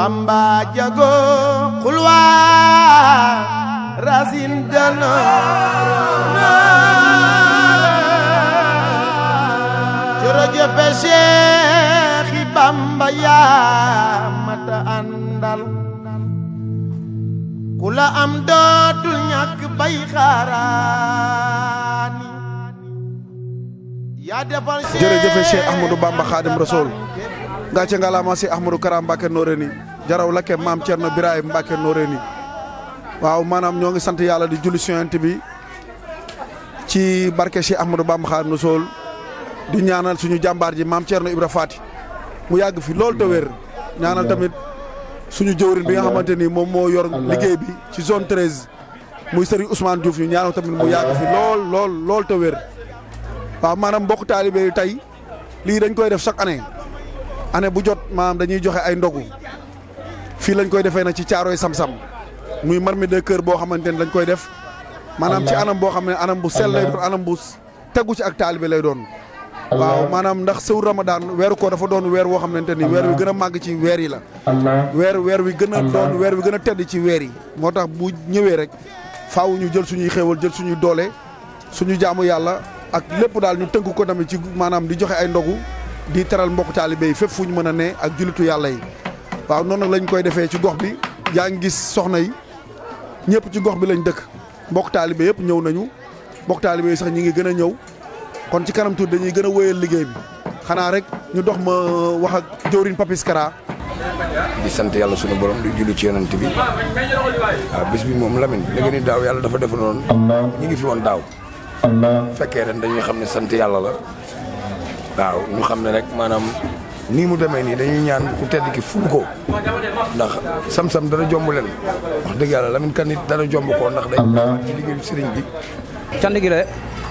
bamba jago xulwa rasin danoona jërëjëf Seexi bamba yaa mata àndal ku la am dootul ñàkk bay xaaraani yaa defal Seex jërëjëf Seex Ahmadou Bamba Xaadim Rasuul ngacce ngalaama si ahmadou kara mbàkke noreyni jaraw lake maam cerno biraay mbàkke noreyni waaw maanaam ñoo ngi sant yàlla di julli soyante bi ci barke si ahmadou bamba xaadimu rasuul di ñaanal suñu jàmbaar ji maam cerno ibra faati mu yàgg fi loolu te wér ñaanal tamit suñu jëwrin bi nga xamante ni moom moo yor liggéey bi ci zone treize muy Serigne Ousmane Diouf ñu ñaanal tamit mu yàgg fi lool lool lool waaw maanaam mbokk taalibe yi tey lii dañ koy def chaque année année bu jot maanaam dañuy joxe ay ndogu fii lañ koy defee na ci caarooy sam-sam muy mi de kër boo xamante ne dañ koy def maanaam ci anam boo xam ne anam bu sell lay doon anam bu tegu ci ak taalibe lay doon waaw maanaam ndax sëw ramadan weeru ko dafa doon weer woo xamante ni weer wi gën a màgg ci weer yi la weer weer wi gën a doon weer wi gën a tedd ci weer yi moo tax bu ñëwee rek faaw ñu jël suñuy xéewal jël suñuy doole suñu jaamu yàlla ak lépp daal ñu tënk ko tamit ci maanaam di joxe ay ndogu di teral mbokk talibé yi fep fuñu mëna né ak julitu yalla yi waaw non nak lañ koy défé ci gox bi ya nga gis soxna yi ñepp ci gox bi lañ dëkk mbokk talibé yëpp ñëw nañu mbokk talibé sax ñi ngi gëna ñëw kon ci kanam tour dañuy gëna wëyel liggéey bi xana rek ñu dox ma euh, wax ak jëwriñ Papis Kara di sante yalla suñu borom di julli ci yonent bi ah bis bi mom Lamine nga ni daw yalla dafa def non ñi ngi fi won daw fekkee ren dañuy xam sante yalla la waaw ñu xam ne rek maanaam ni mu demee nii dañuy ñaan ku tedd ki ful ko ndax sam-sam dara jomb leen wax dëgg yàlla lamin kan jomb ko ndax ci sëriñ bi gi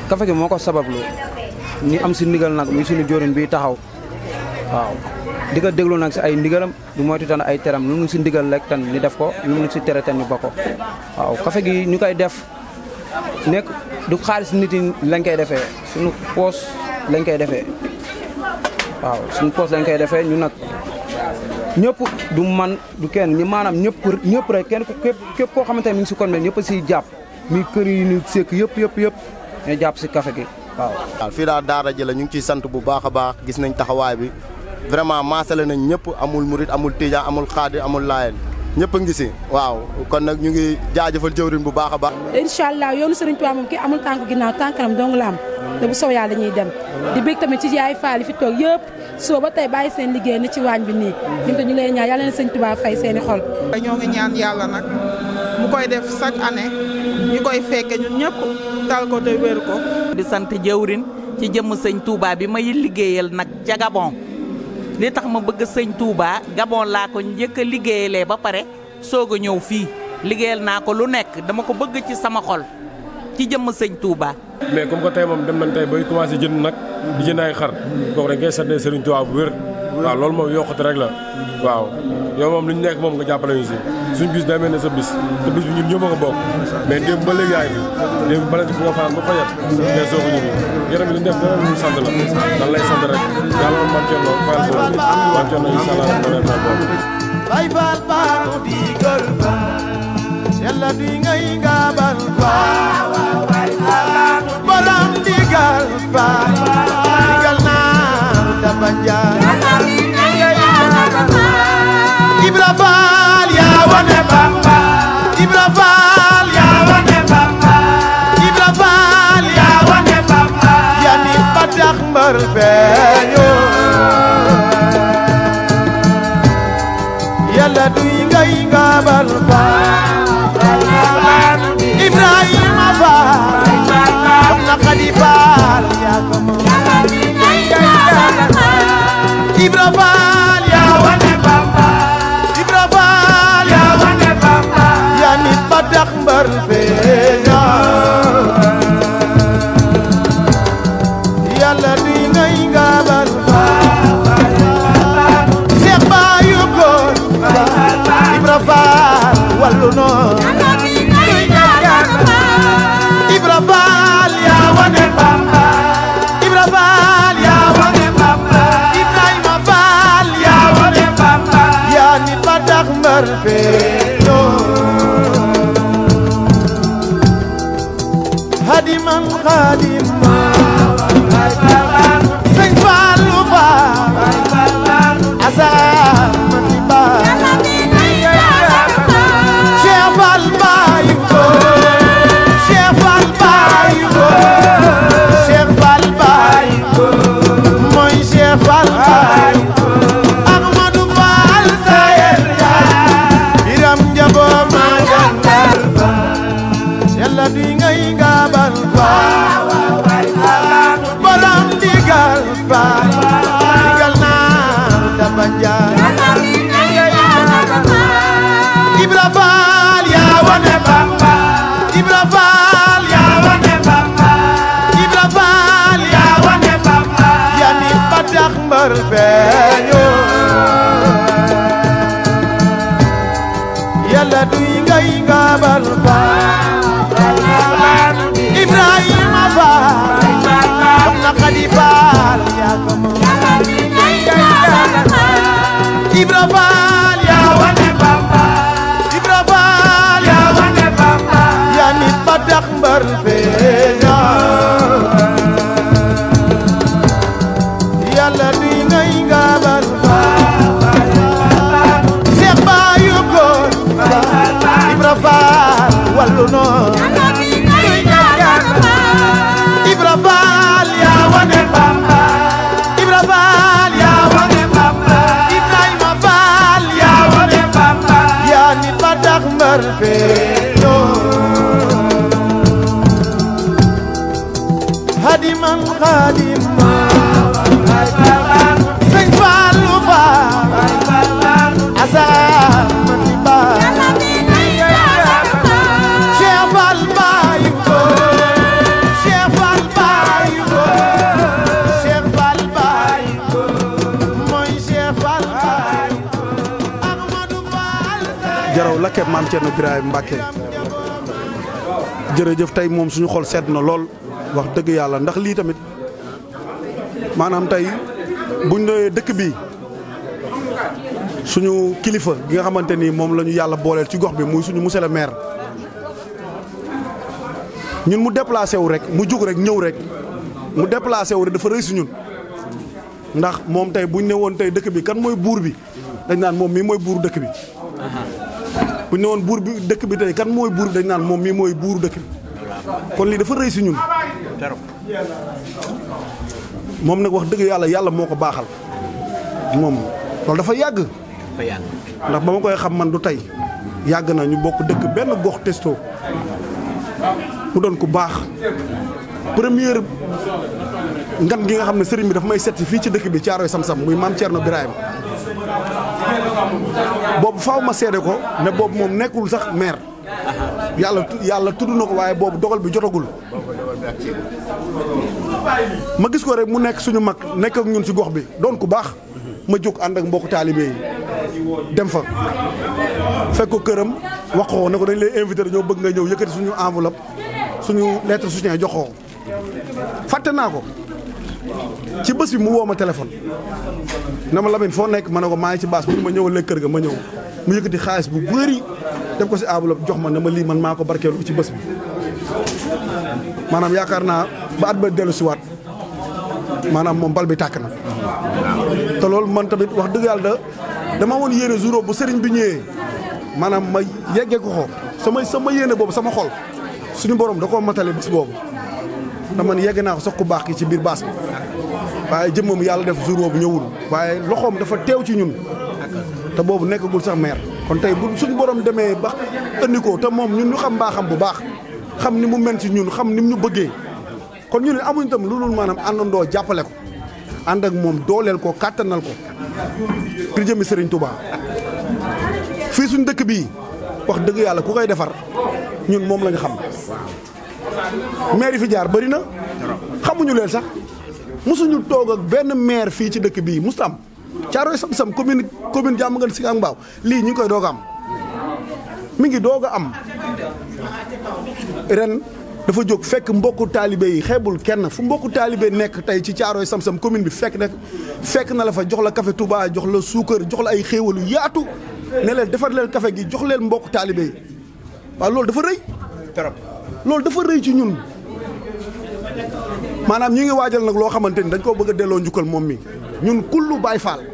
kafe gi moo ko sabablu ni am si ndigal nag muy suñu jóorin bi taxaw waaw di ko déglu nag si ay ndigalam du moytu tan ay teram lu si ndigal rek tan ni def ko lu mu si tere tan bokk waaw kafe gi ñu koy def nekk du xaalis nit ñi lañ koy defee suñu poos lañ koy defee waaw suñu poste lañ koy defee ñu nag ñëpp du man du kenn ñi maanaam ñëpp ñëpp rek kenn képp képp koo xamante ne mi ngi si kon mel ñëpp siy jàpp mi kër yi ñu sekk yëpp yëpp yëpp ñu jàpp si café gi waaw. waaw fii daa daara ji la ñu ngi ciy sant bu baax a baax gis nañ taxawaay bi vraiment maasale nañ ñëpp amul murit amul tijaan amul xaadir amul laayeen ñëpp a ngi si waaw kon nag ñu ngi jaajëfal jëwriñ bu baax a baax. incha allah yoonu Serigne Touba moom ki amul tànk ginnaaw tànkanam dong am te bu sow yàlla dañuy dem. di bég tamit ci yaay faali fi toog yëpp soo ba tey bàyyi seen liggéey ni ci waañ bi nii. ñun ñu ngi lay ñaan yàlla na Serigne Touba fay seen xol. dañoo ngi ñaan yàlla nag mu koy def chaque année ñu koy fekke ñun ñëpp tal ko te wér ko. di sant jëwriñ ci jëmm sëñ Touba bi may liggéeyal nag ca Gabon li tax ma bëgg sëñ Touba Gabon laa ko njëkk a liggéeyalee ba pare soog a ñëw fii liggéeyal naa ko lu nekk dama ko bëgg ci sama xol ci jëmm sëñ Touba. mais comme ko tey moom dem nañ tey bay commencé jënd nag di jënd ay xar kooku dañ koy sànnee sëriñ Touba bu wér. waa loolu moom yokkute rek la. waaw yow moom lu ñu nekk moom nga jàppale ñu si. suñ bis day mel sa bis te bis bi ñun ñëpp a ko bokk mais démb ba léegi yaay fi démb bala ci fu nga faan ba fa yat te soo ko ñëwee yaram li def dara ñu sant la dan lay sant rek yàlla man coono fayal ko man coono incha allah mu ne ma bokk bay fal baaru di gol fa yàlla di ngay gaabal fa borom di gal fa feeñoo yàlla duy ngay ngabal faal Ibrahima faal na xadi faal yaa ko moom Ibra faal yaa wane Bamba Ibra faal yaa wane Bamba yaa nit ba tax mbar fee jaraw lakkee maam Thierno Birahim Mbacke jërëjëf tey moom suñu xol sedd na lool wax dëgg yàlla ndax lii tamit maanaam tey buñ nee dëkk bi suñu kilifa gi nga xamante ni moom la ñu yàlla booleel ci gox bi muy suñu monsieur le ñun mu déplacé wu rek mu jóg rek ñëw rek mu déplacé wu rek dafa rëy si ñun ndax moom tey buñ ne woon tey dëkk bi kan mooy buur bi dañ naan moom mii mooy buur dëkk bi bu ñu ne woon buur bi dëkk bi tey kan mooy buur bi dañ naan moom mii mooy buur dëkk bi kon lii dafa rëy si ñun moom nag wax dëgg yàlla yàlla moo ko baaxal moom loolu dafa yàgg ndax ba ma koy xam man du tey yàgg na ñu bokk dëkk benn gox testo mu doon ku baax première ngan gi nga xam ne sëriñ bi dafa may setti fii ci dëkk bi Caaroy Sam Sam muy maam Thierno Birahim boobu faw ma seede ko ne boobu moom nekkul sax maire. yàlla yàlla tudd na ko waaye boobu dogal bi jotagul. ma gis ko rek mu nekk suñu mag nekk ñun si gox bi doon ku baax. ma jóg ànd ak mbokku taalibe yi dem fa. fekk ko këram wax ko ne ko dañ lay invité ñoo bëgg nga ñëw yëkkati suñu enveloppe suñu lettre soutien jox ko fàtte naa ko. ci bés bi mu woo ma téléphone na ma Lamine foo nekk ma ne ko maa ngi ci baas bi ma ñëwalee kër ga ma ñëw mu yëkkati xaalis bu bëri def ko si enveloppe jox ma na ma lii man maa ko barkeelu ci bés bi. maanaam yaakaar naa ba at ba dellu si waat maanaam moom bal bi tàkk na te loolu man tamit wax dëgg yàlla dama woon yéene jour bu sëriñ bi ñëwee maanaam ma yeggee ko ko sama sama yéene boobu sama xol suñu borom da koo matale bés boobu. te man yegg naa ko sax ku baax ki ci biir baas waaye jëmmam yàlla def jour boobu ñëwul waaye loxoom dafa teew ci ñun te boobu nekkagul sax maire kon tey bu suñu borom demee ba indi ko te moom ñun ñu xam mbaaxam bu baax xam ni mu mel ci ñun xam ni mu ñu bëggee kon ñu ne amuñ tam lu dul maanaam àndandoo jàppale ko ànd ak moom dooleel ko kàttanal ko ngir jëmi Serigne Touba fii suñ dëkk bii wax dëgg yàlla ku koy defar ñun moom lañ xam maire yi fi jaar bëri na xamuñu leen sax mosuñu toog ak benn maire fii ci dëkk bii mosut am Caaroy Sam Sam commune commune jàmm ngeen si ak mbaaw lii ñu ngi koy doog a am mi ngi doog a am ren dafa jóg fekk mbokku taalibe yi xeebul kenn fu mbokk taalibe nekk tey ci Caaroy Sam Sam commune bi fekk na fekk na la fa jox la kafe tubaa jox la suukar jox la ay xéewalu yaatu ne leen defar leen kafe gi jox leen mbokku taalibe yi waaw loolu dafa rëy. loolu dafa rëy ci ñun maanaam ñu ngi waajal nag loo xamante ni dañ koo bëgg delloo njukkal moom mi ñun kullu Baay Faal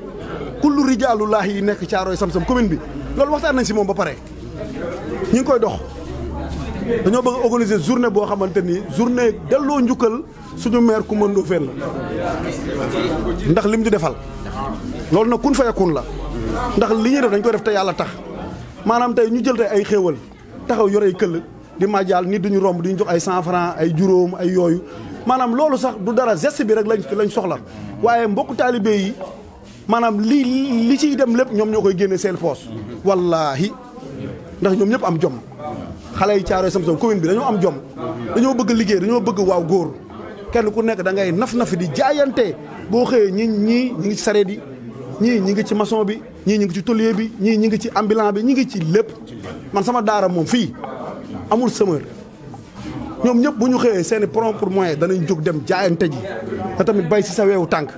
kullu laax yi nekk Caaroy Samsam commune bi loolu waxtaan nañ si moom ba pare ñu ngi koy dox dañoo bëgg a organiser boo xamante ni journée delloo njukkal suñu maire Coumba Ndoffène la ndax lim di defal loolu nag kun fayakun la ndax li ñu def dañ koy def te yàlla tax maanaam tey ñu jël tey ay xéewal taxaw yorey këll di màjjal nit duñu romb duñu jox ay cent franc ay juróom ay yooyu maanaam loolu sax du dara geste bi rek lañ lañ soxla waaye mbokku taalibe yi maanaam li li ciy dem lépp ñoom ñoo koy génne seen poos wallaahi ndax ñoom ñëpp am jom xale yi caaroo Samson commune bi dañoo am jom dañoo bëgg liggéey dañoo bëgg waaw góor kenn ku nekk da ngay naf nafi di jaayante boo xëyee ñi ñii ñi ngi ci sareet yi ñii ñi ngi ci maçon bi ñii ñi ngi ci tôlier bi ñii ñi ngi ci ambulant bi ñi ngi ci lépp man sama daara moom fii amul sëmër ñoom ñëpp bu ñu xëyee seeni i pour moyen danañ jóg dem jaayante ji te tamit bay si sa weewu tànk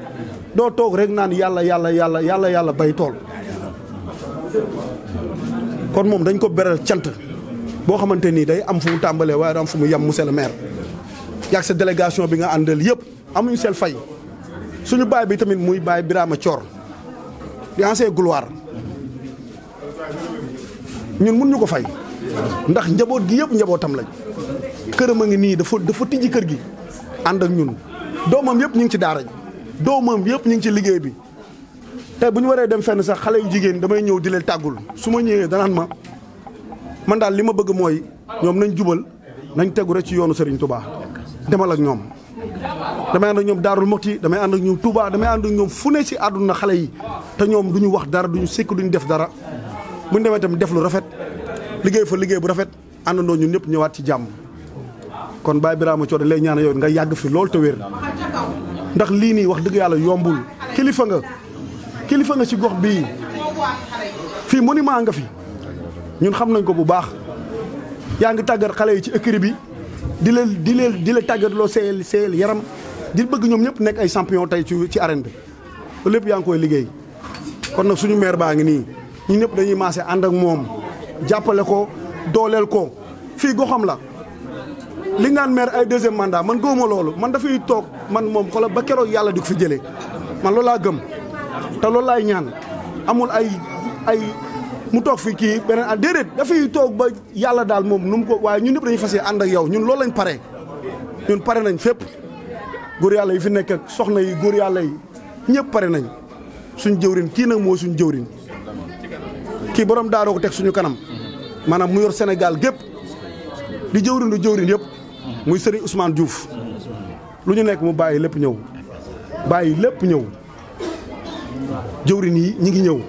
doo toog rek naan yàlla yàlla yàlla yàlla yàlla bay tool kon moom dañ ko beral cant boo xamante nii day am fu mu tàmbalee waaye du fu mu yem mu le maire yàgg sa délégation bi nga àndal yëpp amuñu seen fay suñu baay bi tamit muy baay Birama Thior di ancien gloire ñun mun ñu ko fay ndax njabot gi yeb njabotam lañ këram a ngi ni dafa dafa tiji keur gi and ak ñun domam yeb ñu ngi ci daara domam yeb ñu ngi ci liggey bi tay buñu waré dem fenn sax xalé yu jigen damay ñew di leen tagul suma ma da nan ma man dal lima bëgg moy ñom nañ jubal nañ teggu ra ci yoonu Serigne Touba demal ak ñom damay and ak ñom darul mukti damay and ak ñom Touba damay and ak ñom fu ne ci aduna xalé yi te ñom duñu wax dara duñu sekk duñu def dara buñ demé tam def lu rafet liggéey fa liggéey bu rafet àndandoo ñun ñëpp ñëwaat ci jàmm kon Baye Birama Thiodaye lay ñaan yow nga yàgg fi loolu te wér ndax lii nii wax dëgg yàlla yombul kilifa nga kilifa nga ci gox bii fii monument nga fi ñun xam nañ ko bu baax yaa ngi tàggat xale yi ci écurie bi di leen di leen di la tàggat loo seel seel yaram di bëgg ñoom ñëpp nekk ay champion tey ci ci arène bi lépp yaa ngi koy liggéey kon nag suñu maire baa ngi nii ñun ñëpp dañuy maase ànd ak moom jappalé ko dolel ko fii goxam la li nane maire ay deuxième mandat man goma loolu man fay tok man mom xola ba kéro yalla fi jëlee man loolu gëm te loolu laay ñaan amul ay ay mu tok fi ki benen dedet da fay tok ba yalla dal mom num ko way ñun dañuy fassé and ak yow ñun lañ pare ñun pare nañ fep gor yalla yi fi nekk ak soxna yi gor yalla yi ñëpp pare nañ suñu jëwrin ki nak mo suñu jëwrin kii borom daaroo ko teg suñu kanam maanaam mu yor Sénégal gépp li jëwrin du jëwrin yépp muy Serigne Ousmane Diouf lu ñu nekk mu bàyyi lépp ñëw bàyyi lépp ñëw jëwrin yi ñu ngi ñëw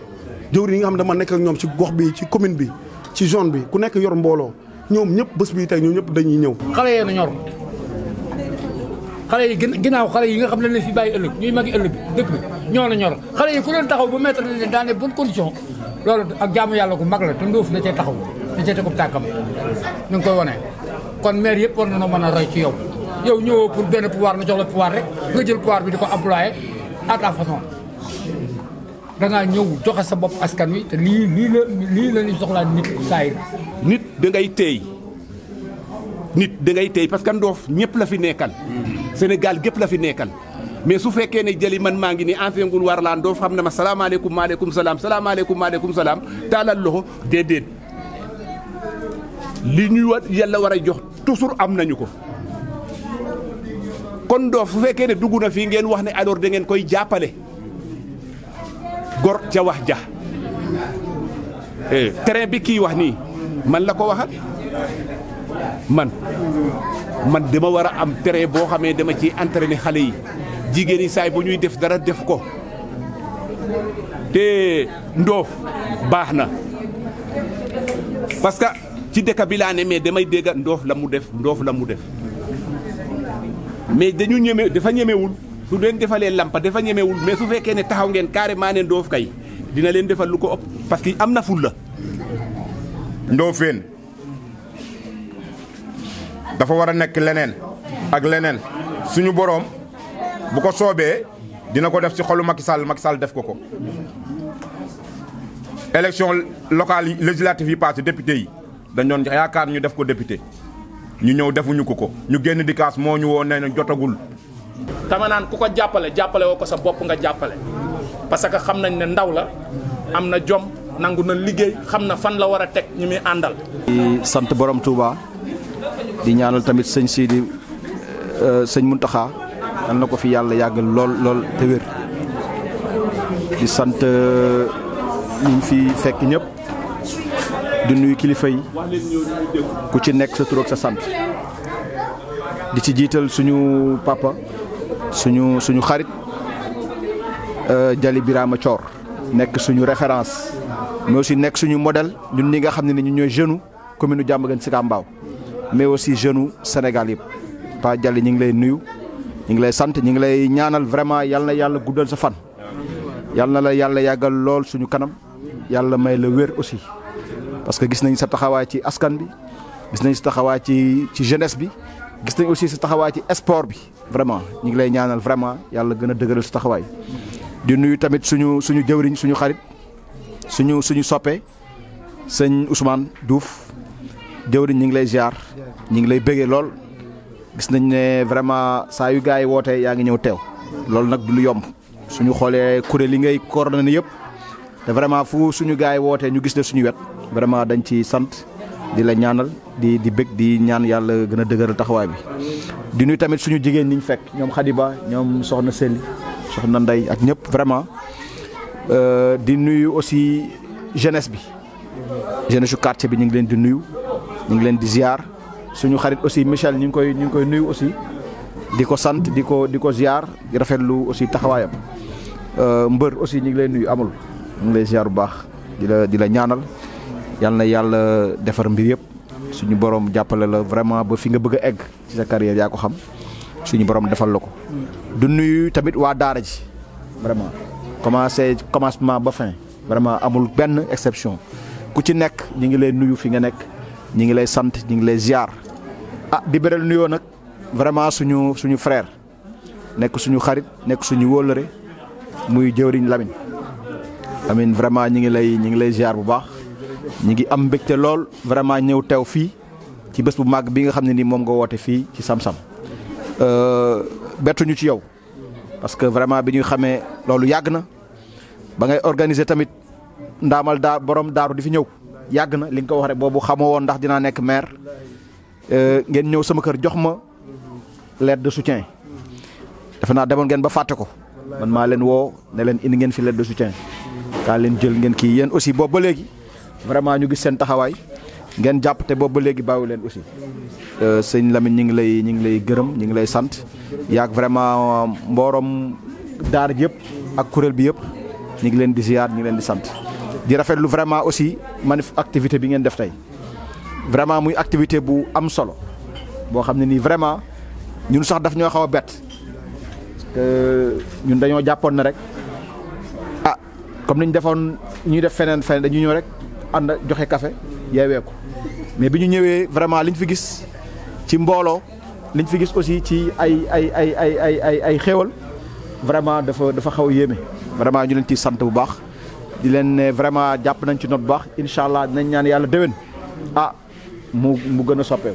jëwrin yi nga xam ne dama nekk ak ñoom ci gox bi ci commune bi ci zone bi ku nekk yor mbooloo ñoom ñëpp bés bii tey ñoom ñëpp dañuy ñëw. xale yee na ñor xale yi ginaaw xale yi nga xam ne dañ fi bàyyi ëllëg ñuy magi ëllëg bi dëkk bi ñoo na ñor xale yi ku leen taxaw ba mettre leen dans les loolu ak jaamu yàlla gu mag la te nduuf da cee taxaw da cee tegub tàkkam ñu ngi koy wane kon maire yëpp war na noo mën a roy ci yow yow ñëwoo pour benn pouvoir nga jox la rek nga jël pouvoir bi di ko employé à ta façon dangaa ñëw joxe sa bopp askan wi te lii lii la lii la ñuy soxlaa nit saay nit dangay ngay teey nit dangay ngay teey parce que Ndoof ñëpp la fi nekkal mm. Sénégal gépp la fi nekkal mais su fekkee ne jëli man maa ngi nii enfengul war laan doo xam ne ma salaamaaleykum maaleykum salaam salaamaaleykum maaleykum salaam taalal loxo déedéet li ñuy wa war a jox toujours am nañu ko kon doo fu fekkee ne dugg na fii ngeen wax ne alors de ngeen koy jàppale gor ca wax ja eh, terrain bi kii wax nii man la ko waxal man man dama war a am terrain boo xamee dama ci entre entraîné xale yi jigéen yi saay bu ñuy def dara def ko te ndoof baax na parce que ci dëkk bi laa ne mais damay dégg ndoof la mu def ndoof la mu def mais dañu ñeme dafa ñemewul su leen defalee lampa dafa ñemewul mais su fekkee ne taxaw ngeen carrément ne ndoof kay dina leen defal lu ko ëpp parce que am na ful la. Ndofène dafa war a nekk leneen ak leneen suñu boroom. bu ko dina ko def ci xolu Macky Sall def ko ko. élection locale législative yi député dañ doon yaakaar ñu def ko député ñu ñëw defuñu ko ko ñu génn di kaas ñu jotagul. tama ku ko jàppale jàppale woo sa bopp nga jàppale parce que xam nañ ndaw la am jom nangu na liggéey xam fan la war a teg ñu di sant borom Touba di tamit euh, yal na ko fi yàlla yàggal lool lool te di sant euh, ñu fi fekk ñëpp di nuyu kilifa yi ku ci nekk sa tur sa sant di ci jiital suñu papa suñu suñu xarit euh, Jali Birama Thior nekk suñu référence mais aussi nekk suñu modèle ñun ñi nga xam ne ni ñun ñooy jeune commune u Diamaguène Sicap Mbao mais aussi jeune Sénégal yëpp Pa Jali ñu ngi lay nuyu ñu ngi lay sant ñu ngi lay ñaanal vraiment yal na yàlla guddal sa fan yal na la yàlla yàggal lool suñu kanam yàlla may la wér aussi parce que gis nañ sa taxawaay ci askan bi gis nañ sa taxawaay ci ci jeunesse bi gis nañ aussi sa taxawaay ci sport bi vraiment ñu ngi lay ñaanal vraiment yàlla gën a dëgëral sa taxawaay di nuyu tamit suñu suñu jëwriñ suñu xarit suñu suñu soppe sëñ Ousmane Diouf jëwriñ ñu ngi lay ziar ñu ngi lay bëggee lool gis nañ ne vraiment saa yu gars yi wootee yaa ngi ñëw teew loolu nag du lu yomb su ñu xoolee kuréel yi ngay coordonné yëpp te vraiment fu suñu gars yi wootee ñu gis ne suñu wet vraiment dañ ci sant di la ñaanal di di bëgg di ñaan yàlla gën a dëgëral taxawaay bi. di nuyu tamit suñu jigéen ñi ñu fekk ñoom ba ñoom Soxna Seli Soxna Ndey ak ñëpp vraiment euh, di nuyu aussi jeunesse bi jeunesse su quartier bi ñu ngi leen di nuyu ñu ngi leen di ziar. suñu xarit aussi Michel ñing koy ñing koy nuyu aussi diko sante sant diko ziar di rafetlu aussi euh mbeur aussi ñing lay nuyu amul ñing lay ziar bu baax dila la ñaanal yàlla yalla defar mbir yëpp suñu borom jàppale la vraiment ba fi nga bëgg egg ci sa carrière ya ko xam suñu borom defal lako du nuyu tamit wa daara ji vraiment commencé commencement ba fin vraiment amul ben exception ku ci new ñi ngi lay nuyu fi nga nek ñi ngi lay sant ñi ngi lay ziar ah di beral yoo nag vraiment suñu suñu frère nekk suñu xarit nekk suñu wóllëre muy jëwriñ Lamine Lamine vraiment ñi ngi lay ñi ngi lay ziar bu baax ñi ngi am mbégte lool vraiment ñëw teew fii ci bés bu màgg bi nga xam ne nii moom nga woote fii ci Sam-Sam euh, bettuñu ci yow parce que vraiment bi ñuy xamee loolu yàgg na ba ngay organiser tamit ndaamal daa borom daaru di fi ñëw yàgg na li nga ko wax rek boobu xamoo woon ndax dinaa nekk maire Eh, ngeen ñew sama kër jox ma lettre de soutien dafa na demone ngeen ba faté ko man ma len wo ne len indi ngeen fi lettre de soutien ka len jël ngeen ki yeen aussi bo ba légui vraiment ñu gis sen taxaway ngeen te ba légui bawu len aussi eh, seigne Lamine ñing lay ñing lay ñing lay sant yaak vraiment mborom daar yëpp ak kurel bi yëpp ñing len di ziar ñing len di sante di rafetlu vraiment aussi manif activité bi ngeen def tay vraiment muy activité bu am solo bo xam ni vraiment ñun sax daf ñoo xaw a bett ñun dañoo jàppoon rek ah comme ni ñu ñuy def fenen feneen dañu ñëw rek and joxe café yeewee ko mais biñu ñewé vraiment liñ fi gis ci mbolo liñ fi gis aussi ci ay ay ay ay ay ay ay xéewal vraiment dafa dafa xaw a vraiment ñu leen ciy sant bu baax di leen vraiment japp nañ ci note bu baax inshallah allah dinañ ñaan yalla dewen ah. mu mu gëna soppé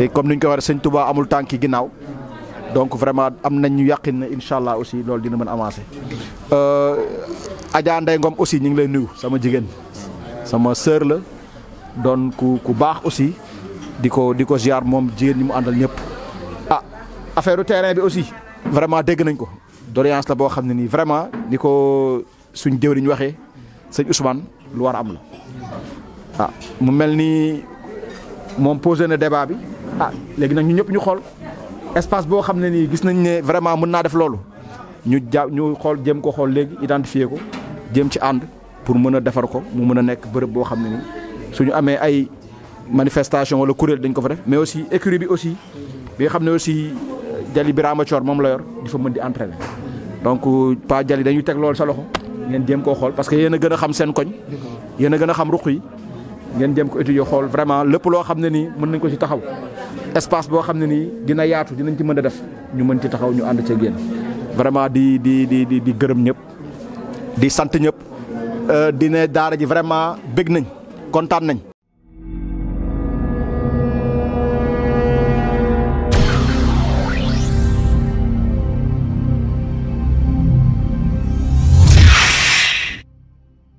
té comme niñ ko war seigne touba amul tanki ginaaw donc vraiment am nañ ñu yaqin na inshallah aussi lool dina mëna avancer euh adja nday ngom aussi ñing lay nuyu sama jigen sama sœur la don ku ku bax aussi diko diko ziar mom jigen ñi mu andal ñep ah affaireu terrain bi aussi vraiment dégg nañ ko doléance la bo xamni ni vraiment niko suñ dewriñ waxé seigne ousmane lu war am la ah mu melni moom poser na débat bi ah léegi nag ñu ñëpp ñu xol espace bo xamné ni gis nañ né vraiment mëna def lolu ñu ñu xol jëm ko xol légui identifier ko jëm ci and pour mëna défar ko mu mëna nek nekk bërëb boo xam ne suñu amé ay manifestation wala courriel dañ ko fa def mais aussi écurie bi aussi bi xamné aussi euh, Jali Birama Thior mom la yor difa mëndi mën entraîner donc euh, Pa Jali dañu teg loolu sa loxo ngeen jëm ko xol parce que yéen gëna xam sen koñ yéen gëna xam ruq yi ngeen dem ko étudier xol vraiment lepp lo xam ni mën nañ ko ci taxaw espace bo xam ni dina yaatu dinañ ci mëna def ñu mën ci taxaw ñu and ci yéen vraiment di di di di di gërëm ñëpp di sant ñëpp euh, di ne daara ji vraiment bég nañ contane nañ